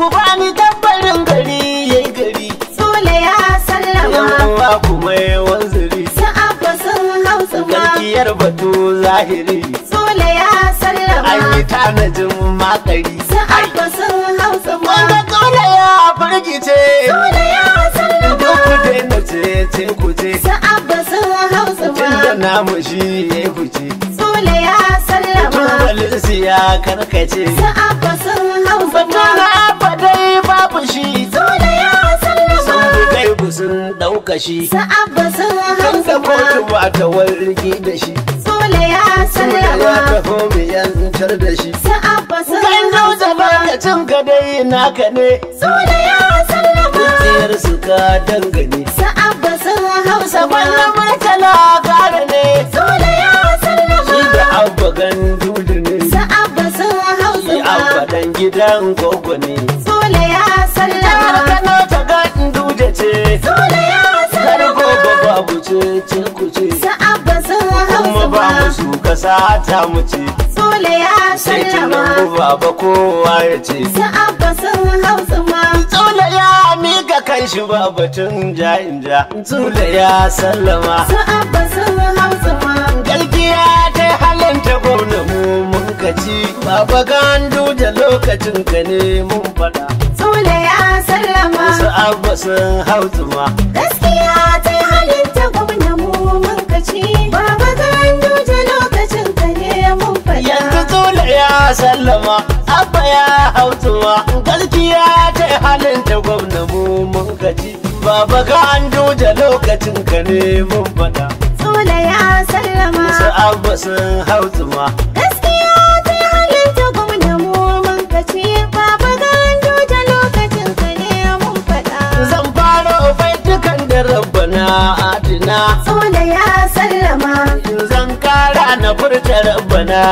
ku bani dabbarin gari yayi gari sule ya sallama yawa kuma yawan zuri sa'abba sun hausa ma karkiyar batu zahiri sule ya sallama an yi tanajin makari sa'abba sun hausa ma wanda kula ya firgice sule ya sallama duk ku daina ce ce ku je sa'abba sun hausa ma da namu shi ya huce sule ya sallama tubalin ya karkace sa'abba sun hausa ma shi da ya sallama Sun gaibu sun ɗauka shi Sa'abba sun hamsa ma kotu ba ta wargi da shi Sole ya sallama Zola ya taho mai yantar da shi Sa'abba sun zo ma Kan cin ka dai naka ne Sole ya sallama tsiyar su ka dangane Sa'abba sun hausa ma Wannan martala gara ne Sole ya sallama Shi da abba gandu ne Sa'abba sun hausa ma abba dan gidan gogo ne ƙasa ta muce sole ya sallama sai baba kowa ya ce su abba sun hausa ma sole ya miƙa kan shi ba batun ja in ja Sule ya sallama su abba sun hausa ma galgiya ta halanta gwamna mu mun kaci baba gandu da lokacin ka ne mun faɗa sole ya sallama su abba sun hausa ma gaskiya ta halanta gwamna mu mun kaci baba gandu yanzu tula ya sallama abba ya hautuwa gaskiya ta halin ta gwamna mu mun gaji baba ka an doja lokacin ka ne mun fada tula ya sallama su abba sun hautuwa gaskiya ta halin ta gwamna mu mun gaji baba ka an doja lokacin ka ne mun fada zan faro baitukan da rabbana adina tula ya kara na furta rabbana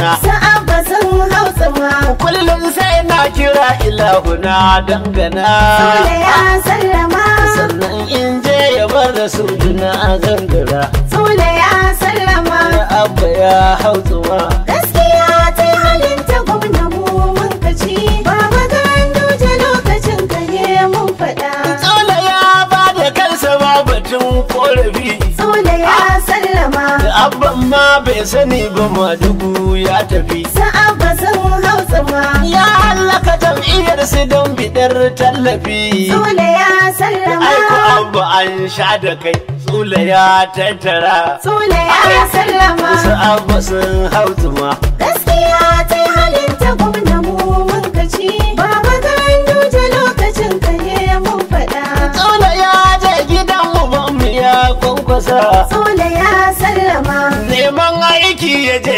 na. sa'an basan hausa ma kullum sai na kira ilahuna dangana sole ya sallama sannan in je ya bar rasuluna a gangara sole ya sallama ya abba ya hausa ma gaskiya ta halin ta gwamna mu mun kaci ba magaran duje lokacin ka ne mun faɗa sole ya ba da kansa ba batun korafi bai sani ba dugu ya tafi sa'aba sun hausa ma ya hallaka jam'iyyar su don bidar tallafi sule ya sallama ko abba an sha da kai sule ya tattara sule ya sallama sa'aba sun hausa ma gaskiya ta halin ta gwamna mu mun kaci baba kan duje lokacin ka ne mun faɗa sule ya je gidan mu ba mu ya kwankwasa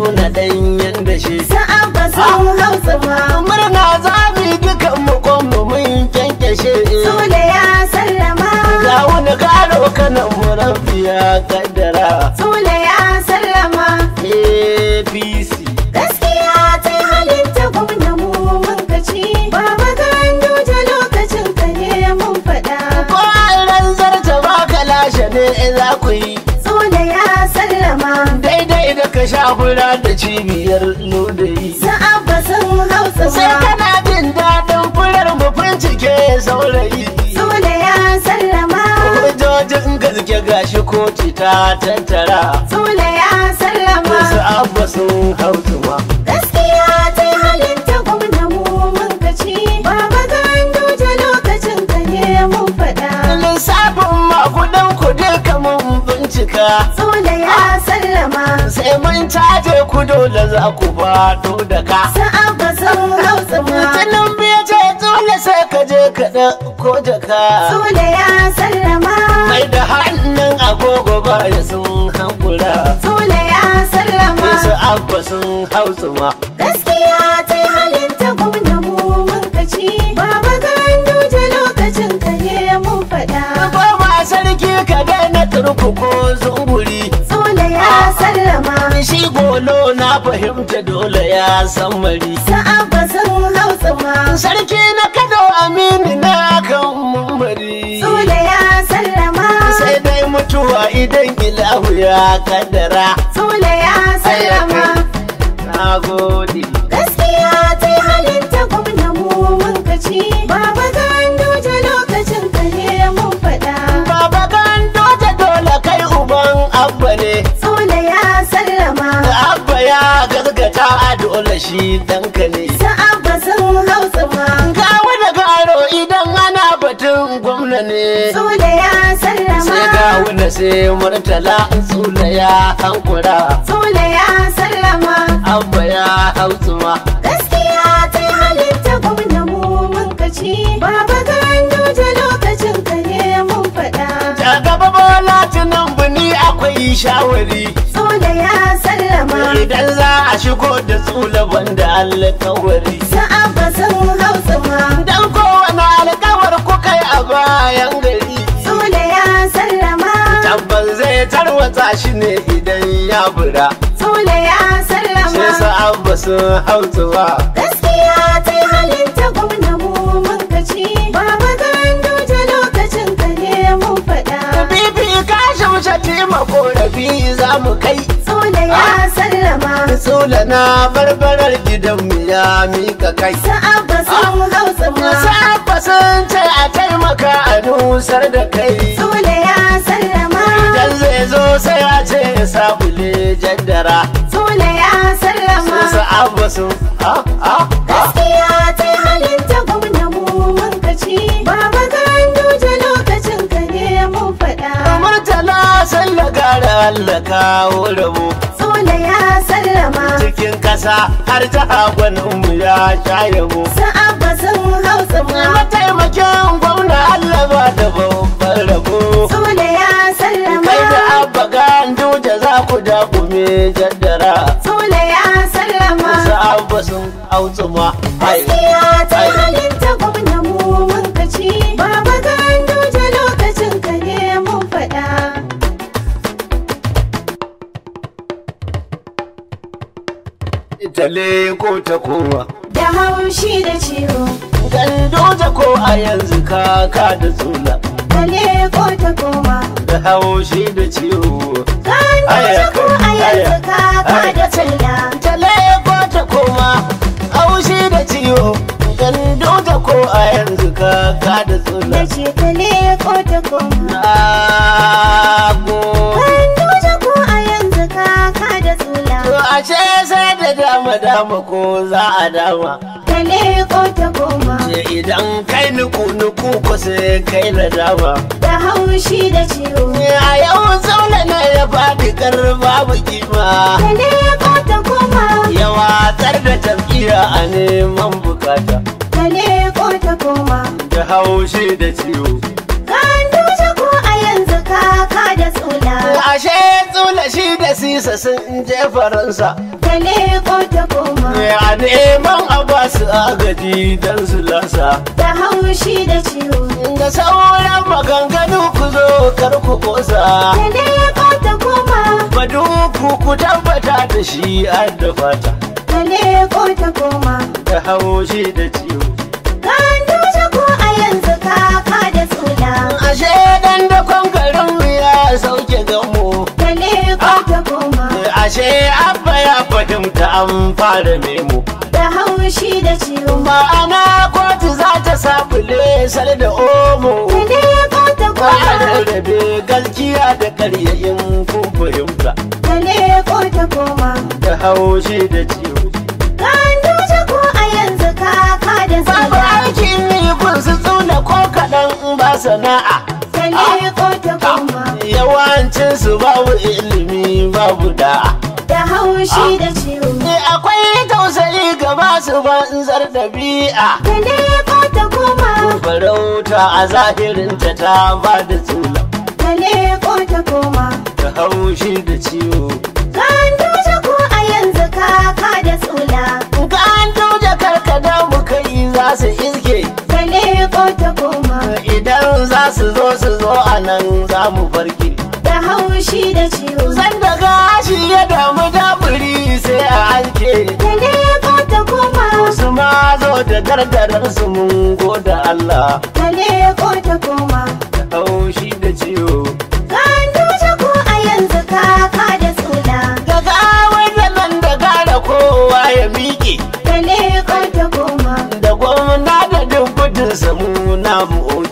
nuna ɗanyen da shi sa'an ba sun ah! hausa ma murna zabi dukan mukon mu mun kyankyashe sule ya sallama ga wani karo kanan murafiya kaddara sule ya sallama apc gaskiya ta halitta gwamna mu mun kaci ba makarantu ta lokacin ka ne mun faɗa ko an ranzar ta baka lashe ne za ku yi daidai da ka sha fura da cibiyar ludayi sa'a ba san hausa ba sai kana jin daɗin furar mu bincike saurayi saboda ya sallama hujjojin gaske gashi koci ta tattara saboda ya sallama sa'a ba sun hausa ba bincika Sule ya sallama sai mun caje ku dole za ku fado da ka sa'a ba sun hausa ma Mutanen biya ce dole sai ka je kaɗa ko jaka Sule ya sallama mai da hannun agogo ba ya sun hankula Sule ya sallama sai sa'a ba sun hausa ma ka ga na turku ko zunguri ya sallama Shi golo na fahimta dole ya san mari ba sun hausa Sarki na Kano Aminu na kan mumbari Sule ya sallama Sai dai mutuwa idan ilahu ya kaddara Sule ya sallama Na gode dakata a dole shi danka ne ba sun hausa ma kawo da garo idan ana batun gwamna ne tsula ya sallama sai kawo da sai murtala tsula ya hankura tsula ya sallama abba ya hausa ma gaskiya ta halitta gwamna mu mun kaci baba gando ta lokacin ka ne mun faɗa ta gaba bola tunan buni akwai shawari tsula shigo da tsula wanda alkawari sa'aba san hausa ma dan kowane alkawar ku kai a bayan gari tsula ya sallama tabbas zai tarwata shi ne idan ya bura tsula ya sallama sai ba sun hausa gaskiya ta halin ta gwamna hashim shatima korafi za mu kai sule ya sallama sule na barbarar gidanmu ya mika kai sa'abba sun ah, hausa ma sa'abba sun ce a taimaka a nusar da kai sule ya sallama idan zai zo sai a ce ya sabule jaddara sule ya sallama su sa'abba sun ha ah, ah. ha Allah kawo rabo ya sallama cikin kasa har ta agwaninmu ya sha yabo abba sun hausa ma mataimakin gwamna Allah ba da babban rabo sola ya sallama kai da abba gandu juja za ku da me jaddara sola ya sallama abba sun hausa ma Gaskiya balle ko ta kowa da haushi da ciwo ta ko a yanzu kaka da zula balle ko ta kowa da haushi da ciwo ta ko a yanzu kaka da zula balle ko ta kowa haushi da ciwo gandoja ko a yanzu kaka da tsula da ce balle ko ta kowa damu ko za a dama Kale ko ta goma ce idan kai nuku nuku ko sai kai na dama da haushi da ciwo a yau zaune na ya faɗi karba ba kima ka ko ta goma ya watsar da tafiya a neman bukata Kale ko ta goma da haushi da ciwo ashe tsula shi da sisa sun je faransa ne ko ta koma a neman a ba su agaji don su lasa da haushi da ciwo da sauran maganganu ku zo kar ku kosa da ne ko ta koma ba duku ku tabbata da shi an da fata da ne ko ta koma da haushi da ciwo ka ko a yanzu ka an fara nemo da haushi da ciwo ma'ana kotu za ta samu sar da omo ne kotu ko da rabe gaskiya da karyayin ko fahimta ne kota koma da haushi da ciwo kan ko a yanzu kaka da sana'a babu aikin ne kun su tsuna ko kaɗan ba sana'a yawancin su babu ilimi babu da'a da haushi ah. da ciwo. Ni eh, akwai tausali ga masu banzar ɗabi'a. Da ne ta koma. Farauta a zahirinta ta ba da tsula. Da ne ta koma. ta haushi da ciwo. Ka an ko a yanzu kaka da tsula. Ka an tauje karkada mu kai za su iske. Da ne ta koma. Idan za su zo su zo a nan za mu barke. fushi da ciwo Zan da gashi ya damu dafuri sai a anke. Da ne ka koma Su ma zo da gargarar su mun da Allah Da ne ko ta koma Da haushi da ciwo Kan a yanzu kaka da tsula Da da nan da gara kowa ya miƙe ko koma Da gwamna da duk samu na mu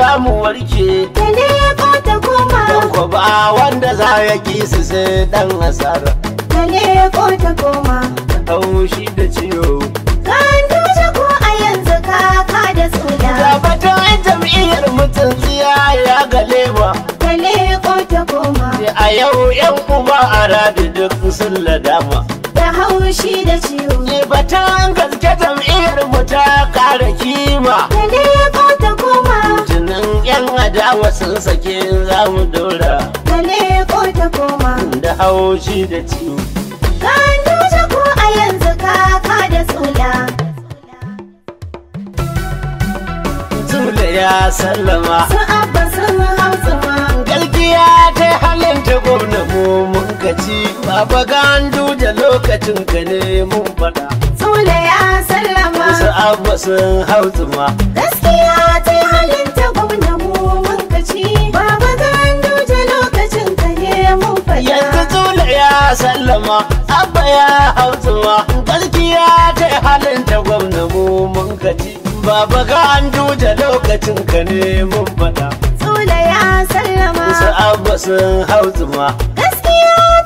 za mu warke ta ya ta koma don ko ba wanda za ya ki su sai dan asara ta ya ta koma haushi da ciwo kan duje ko a yanzu kaka da tsula tabbatar jam'iyyar mutum tsiya ya gale ba ya leko ta koma a yau yan uba a radu duk sun ladama da haushi da ciwo ne batan gaske jam'iyyar mu ta kara kima ta dama sun sake za mu dora kale ko ta koma da haushi da ciwo kan duje ko a yanzu kaka da tsula tsula ya sallama su abba sun hausuma galgiya ta halin ta gwamna mu mun gaci baba gandu da lokacin ka ne mun fada tsula ya sallama su abba sun hausuma gaskiya ta halin ta gwamna mu mun lokaci baba zan duta lokacin ka ne mun fada yanzu zule ya sallama abba ya hautsuwa gaskiya ta halin ta gwamna mu mun gaji baba ka an duta lokacin ka ne mun fada Zule ya sallama su abba sun hau hautsuwa gaskiya